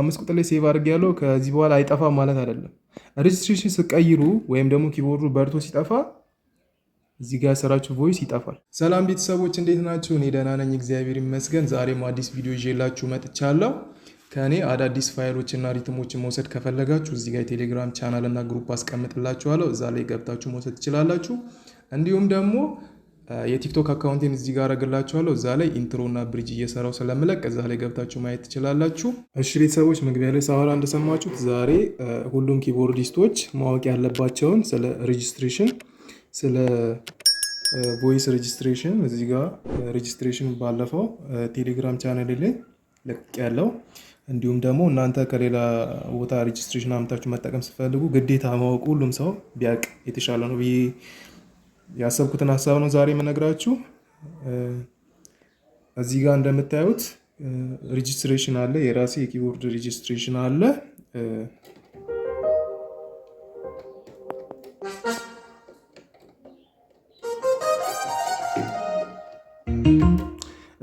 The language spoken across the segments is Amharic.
አምስት ቁጥር ላይ ሴቭ አድርግ ያለው ከዚህ በኋላ አይጠፋ ማለት አይደለም። ሬጅስትሬሽን ስቀይሩ ወይም ደግሞ ኪቦርዱ በርቶ ሲጠፋ እዚህ ጋር የሰራችሁ ቮይስ ይጠፋል። ሰላም ቤተሰቦች እንዴት ናችሁ? እኔ ደህና ነኝ እግዚአብሔር ይመስገን። ዛሬም አዲስ ቪዲዮ ይዤላችሁ መጥቻለሁ። ከእኔ አዳዲስ ፋይሎችና ሪትሞችን መውሰድ ከፈለጋችሁ እዚህ ጋር የቴሌግራም እና ግሩፕ አስቀምጥላችኋለሁ። እዛ ላይ ገብታችሁ መውሰድ ትችላላችሁ። እንዲሁም ደግሞ የቲክቶክ አካውንቴን እዚህ ጋር አረግላችኋለሁ። እዛ ላይ ኢንትሮና ብሪጅ እየሰራው ስለምለቅ እዛ ላይ ገብታችሁ ማየት ትችላላችሁ። እሺ ቤተሰቦች፣ መግቢያ ላይ ሳወራ እንደሰማችሁት ዛሬ ሁሉም ኪቦርዲስቶች ማወቅ ያለባቸውን ስለ ሬጅስትሬሽን ስለ ቮይስ ሬጅስትሬሽን እዚህ ጋር ሬጅስትሬሽን ባለፈው ቴሌግራም ቻናል ላይ ለቅ ያለው እንዲሁም ደግሞ እናንተ ከሌላ ቦታ ሬጅስትሬሽን አምታችሁ መጠቀም ስትፈልጉ ግዴታ ማወቅ ሁሉም ሰው ቢያቅ የተሻለ ነው ብዬ ያሰብኩትን ሀሳብ ነው ዛሬ የምነግራችሁ። እዚህ ጋር እንደምታዩት ሬጅስትሬሽን አለ፣ የራሴ የኪቦርድ ሬጅስትሬሽን አለ።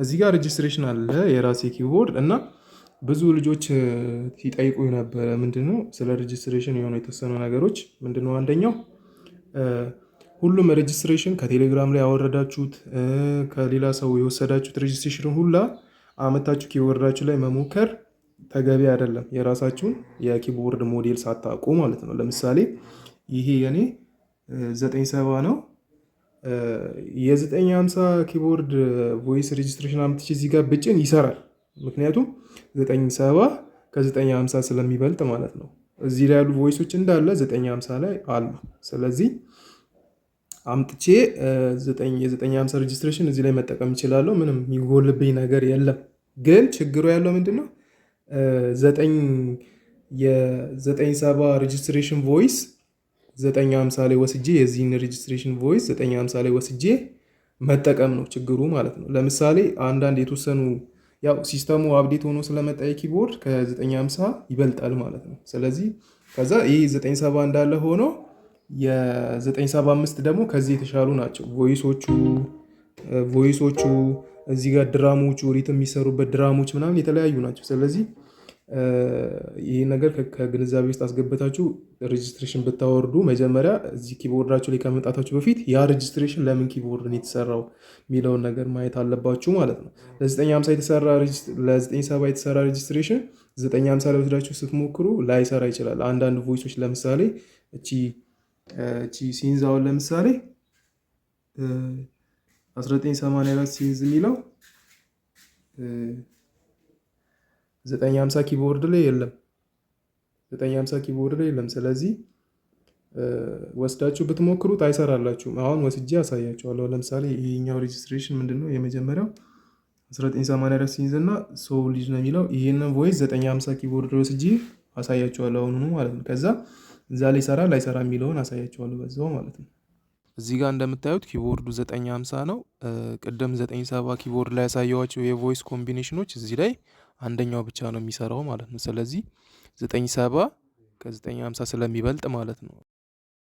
እዚህ ጋር ሬጅስትሬሽን አለ የራሴ ኪቦርድ እና ብዙ ልጆች ሲጠይቁ የነበረ ምንድነው ስለ ሬጅስትሬሽን የሆኑ የተወሰኑ ነገሮች ምንድነው አንደኛው ሁሉም ሬጅስትሬሽን ከቴሌግራም ላይ ያወረዳችሁት ከሌላ ሰው የወሰዳችሁት ሬጅስትሬሽን ሁላ አመታችሁ ኪቦርዳችሁ ላይ መሞከር ተገቢ አይደለም። የራሳችሁን የኪቦርድ ሞዴል ሳታቁ ማለት ነው። ለምሳሌ ይሄ የኔ 97 ነው። የ950 ኪቦርድ ቮይስ ሬጅስትሬሽን አምጥቼ እዚህ ጋር ብጭን ይሰራል። ምክንያቱም 97 ከ950 ስለሚበልጥ ማለት ነው። እዚህ ላይ ያሉ ቮይሶች እንዳለ 950 ላይ አሉ። ስለዚህ አምጥቼ የዘጠኝ ሀምሳ ሬጅስትሬሽን እዚህ ላይ መጠቀም ይችላለሁ። ምንም የሚጎልብኝ ነገር የለም። ግን ችግሩ ያለው ምንድን ነው? ዘጠኝ የዘጠኝ ሰባ ሬጅስትሬሽን ቮይስ ዘጠኝ ሀምሳ ላይ ወስጄ የዚህን ሬጅስትሬሽን ቮይስ ዘጠኝ ሀምሳ ላይ ወስጄ መጠቀም ነው ችግሩ ማለት ነው። ለምሳሌ አንዳንድ የተወሰኑ ያው ሲስተሙ አብዴት ሆኖ ስለመጣ የኪቦርድ ከ950 ይበልጣል ማለት ነው። ስለዚህ ከዛ ይህ 97 እንዳለ ሆኖ የ975 ደግሞ ከዚህ የተሻሉ ናቸው። ቮይሶቹ ቮይሶቹ እዚህ ጋር ድራሞቹ ሪትም የሚሰሩበት ድራሞች ምናምን የተለያዩ ናቸው። ስለዚህ ይህ ነገር ከግንዛቤ ውስጥ አስገበታችሁ ሬጅስትሬሽን ብታወርዱ መጀመሪያ እዚህ ኪቦርዳችሁ ላይ ከመምጣታችሁ በፊት ያ ሬጅስትሬሽን ለምን ኪቦርድ የተሰራው የሚለውን ነገር ማየት አለባችሁ ማለት ነው። ለ950 የተሰራ ሬጅስትሬሽን 950 ላይ ወስዳችሁ ስትሞክሩ ላይሰራ ይችላል። አንዳንድ ቮይሶች ለምሳሌ እቺ እቺ አሁን ለምሳሌ 1984 ሲንዝ የሚለው 950 ኪቦርድ ላይ የለም። 950 ኪቦርድ ላይ የለም። ስለዚህ ወስዳችሁ ብትሞክሩት አይሰራላችሁም። አሁን ወስጄ አሳያችኋለሁ። ለምሳሌ ይሄኛው ሬጅስትሬሽን ምንድነው? የመጀመሪያው 1984 ሲንዝ እና ሰው ልጅ ነው የሚለው ይህንን ቮይስ 950 ኪቦርድ ወስጄ አሳያችኋለሁ አሁኑ ማለት ነው። ከዛ እዛ ሊሰራ ላይሰራ የሚለውን አሳያቸዋለሁ በዛው ማለት ነው። እዚህ ጋር እንደምታዩት ኪቦርዱ 950 ነው። ቅድም 97 ኪቦርድ ላይ ያሳየዋቸው የቮይስ ኮምቢኔሽኖች እዚህ ላይ አንደኛው ብቻ ነው የሚሰራው ማለት ነው። ስለዚህ 97 ከ950 ስለሚበልጥ ማለት ነው።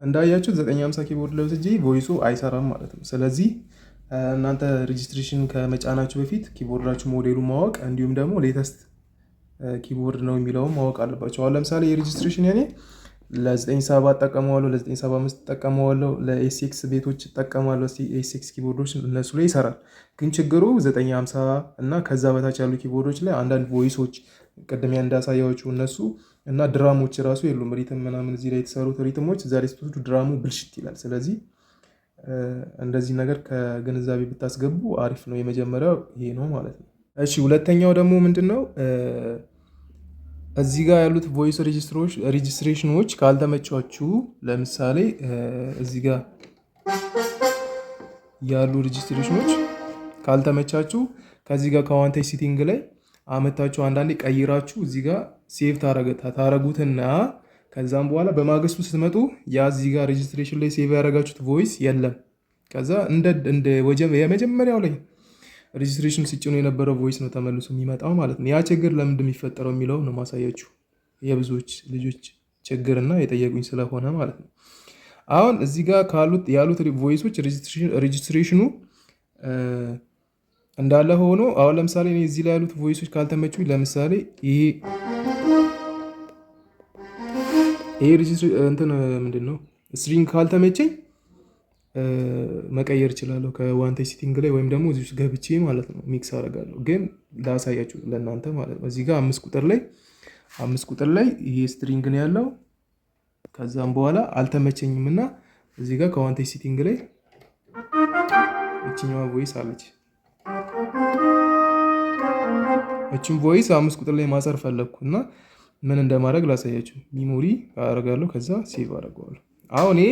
እንዳያችሁት 950 ኪቦርድ ላይ ወስጄ ቮይሱ አይሰራም ማለት ነው። ስለዚህ እናንተ ሬጅስትሬሽን ከመጫናችሁ በፊት ኪቦርዳችሁ ሞዴሉ ማወቅ እንዲሁም ደግሞ ሌተስት ኪቦርድ ነው የሚለውን ማወቅ አለባቸው። አሁን ለምሳሌ የሬጅስትሬሽን ያኔ ለ970 እጠቀመዋለሁ፣ ለ975 እጠቀመዋለሁ፣ ለኤስኤክስ ቤቶች እጠቀማለሁ። ኤስኤክስ ኪቦርዶች እነሱ ላይ ይሰራል። ግን ችግሩ 950 እና ከዛ በታች ያሉ ኪቦርዶች ላይ አንዳንድ ቮይሶች ቅድም እንዳሳያዎቹ እነሱ እና ድራሞች ራሱ የሉም። ሪትም ምናምን እዚህ ላይ የተሰሩት ሪትሞች ስትወስዱ ድራሙ ብልሽት ይላል። ስለዚህ እንደዚህ ነገር ከግንዛቤ ብታስገቡ አሪፍ ነው። የመጀመሪያው ይሄ ነው ማለት ነው። እሺ ሁለተኛው ደግሞ ምንድን ነው? እዚህ ጋር ያሉት ቮይስ ሬጅስትሬሽኖች ካልተመቻችሁ፣ ለምሳሌ እዚህ ጋር ያሉ ሬጅስትሬሽኖች ካልተመቻችሁ ከዚህ ጋር ከዋንቴጅ ሲቲንግ ላይ አመታችሁ አንዳንዴ ቀይራችሁ እዚህ ጋር ሴቭ ታረጉትና ከዛም በኋላ በማግስቱ ስትመጡ ያ እዚህ ጋር ሬጅስትሬሽን ላይ ሴቭ ያደረጋችሁት ቮይስ የለም። ከዛ እንደ የመጀመሪያው ላይ ሬጅስትሬሽን ሲጭኑ የነበረው ቮይስ ነው ተመልሶ የሚመጣው ማለት ነው። ያ ችግር ለምንድን የሚፈጠረው የሚለው ነው ማሳያችሁ የብዙዎች ልጆች ችግርና የጠየቁኝ ስለሆነ ማለት ነው። አሁን እዚህ ጋር ካሉት ያሉት ቮይሶች ሬጅስትሬሽኑ እንዳለ ሆኖ አሁን ለምሳሌ እኔ እዚህ ላይ ያሉት ቮይሶች ካልተመቹኝ ለምሳሌ ይሄ ይሄ ሬጅስትሬሽን እንትን ምንድን ነው ስትሪንግ ካልተመቸኝ መቀየር እችላለሁ ከዋንቴጅ ሲቲንግ ላይ ወይም ደግሞ እዚህ ውስጥ ገብቼ ማለት ነው ሚክስ አደርጋለሁ። ግን ላሳያችሁ ለእናንተ ማለት ነው። እዚህ ጋር አምስት ቁጥር ላይ አምስት ቁጥር ላይ ይሄ ስትሪንግ ነው ያለው። ከዛም በኋላ አልተመቸኝም እና እዚህ ጋር ከዋንቴጅ ሲቲንግ ላይ እችኛዋ ቮይስ አለች። እችም ቮይስ አምስት ቁጥር ላይ ማጸር ፈለግኩ እና ምን እንደማድረግ ላሳያችሁ። ሚሞሪ አደርጋለሁ ከዛ ሴቭ አደርገዋለሁ። አሁን ይሄ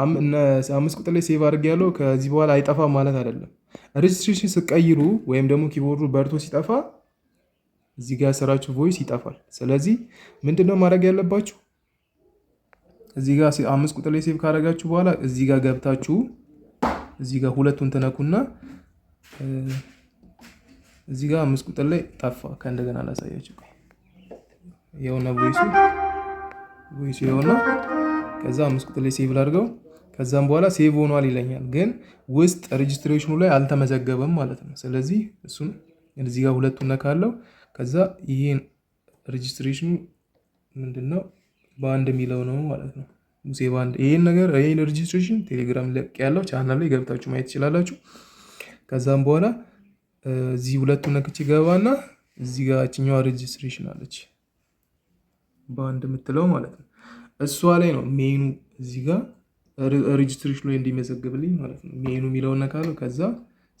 አምስት ቁጥር ላይ ሴቭ አድርግ ያለው ከዚህ በኋላ አይጠፋ ማለት አይደለም። ሬጅስትሬሽን ስቀይሩ ወይም ደግሞ ኪቦርዱ በርቶ ሲጠፋ እዚህ ጋር ስራችሁ ቮይስ ይጠፋል። ስለዚህ ምንድነው ማድረግ ያለባችሁ? እዚህ ጋር አምስት ቁጥር ላይ ሴቭ ካደረጋችሁ በኋላ እዚህ ጋር ገብታችሁ እዚህ ጋር ሁለቱን ትነኩና እዚህ ጋር አምስት ቁጥር ላይ ጠፋ። ከእንደገና ላሳያችሁ የሆነ ቮይሱ ቮይሱ የሆነ ከዛ አምስት ቁጥር ላይ ሴቭ ላድርገው ከዛም በኋላ ሴቭ ሆኗል ይለኛል። ግን ውስጥ ሬጅስትሬሽኑ ላይ አልተመዘገበም ማለት ነው። ስለዚህ እሱን እዚህ ጋር ሁለቱን ነካለው። ከዛ ይሄን ሬጅስትሬሽኑ ምንድን ነው በአንድ የሚለው ነው ማለት ነው። ሴቭ አንድ ይሄን ነገር ይሄን ሬጅስትሬሽን ቴሌግራም ለቅ ያለው ቻናል ላይ ገብታችሁ ማየት ትችላላችሁ። ከዛም በኋላ እዚህ ሁለቱን ነክቼ ገባና እዚህ ጋር ችኛዋ ሬጅስትሬሽን አለች በአንድ የምትለው ማለት ነው። እሷ ላይ ነው ሜኑ እዚህ ጋር ሬጅስትሬሽኑ ላይ እንዲመዘግብልኝ ማለት ነው። ሜኑ የሚለውን ነካለው፣ ከዛ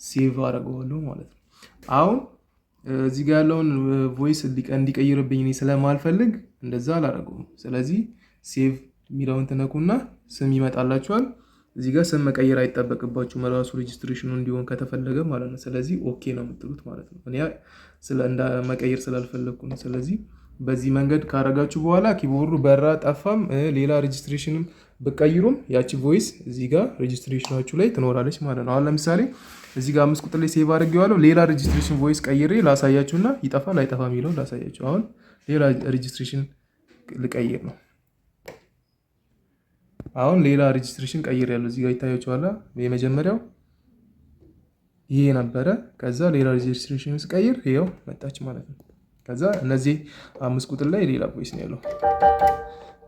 ሴቭ አደርገዋለሁ ማለት ነው። አሁን እዚህ ጋር ያለውን ቮይስ እንዲቀይርብኝ እኔ ስለማልፈልግ እንደዛ አላደርገውም። ስለዚህ ሴቭ የሚለውን ትነኩና ስም ይመጣላችኋል። እዚህ ጋር ስም መቀየር አይጠበቅባችሁም ራሱ ሬጅስትሬሽኑ እንዲሆን ከተፈለገ ማለት ነው። ስለዚህ ኦኬ ነው የምትሉት ማለት ነው። እኔ መቀየር ስላልፈለግኩ ነው። ስለዚህ በዚህ መንገድ ካረጋችሁ በኋላ ኪቦርዱ በራ ጠፋም፣ ሌላ ሬጅስትሬሽንም ብቀይሩም ያቺ ቮይስ እዚህ ጋር ሬጅስትሬሽናችሁ ላይ ትኖራለች ማለት ነው። አሁን ለምሳሌ እዚህ ጋር አምስት ቁጥር ላይ ሴቭ አድርጌዋለሁ። ሌላ ሬጅስትሬሽን ቮይስ ቀይሬ ላሳያችሁና ይጠፋል አይጠፋም የሚለውን ላሳያችሁ። አሁን ሌላ ሬጅስትሬሽን ልቀይር ነው። አሁን ሌላ ሬጅስትሬሽን ቀይር ያለው እዚህ ጋር ይታያችኋል። የመጀመሪያው ይሄ ነበረ። ከዛ ሌላ ሬጅስትሬሽን ስቀይር ይኸው መጣች ማለት ነው። ከዛ እነዚህ አምስት ቁጥር ላይ ሌላ ቮይስ ነው ያለው።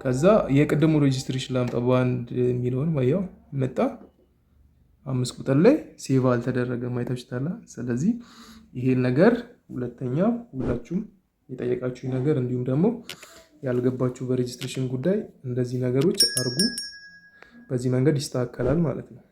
ከዛ የቅድሙ ሬጅስትሬሽን ላምጣ በአንድ የሚለውን ያው መጣ። አምስት ቁጥር ላይ ሴቭ አልተደረገ ማየታችሁ ታላ። ስለዚህ ይሄን ነገር ሁለተኛ ሁላችሁም የጠየቃችሁ ነገር እንዲሁም ደግሞ ያልገባችሁ በሬጅስትሬሽን ጉዳይ እንደዚህ ነገሮች አርጉ። በዚህ መንገድ ይስተካከላል ማለት ነው።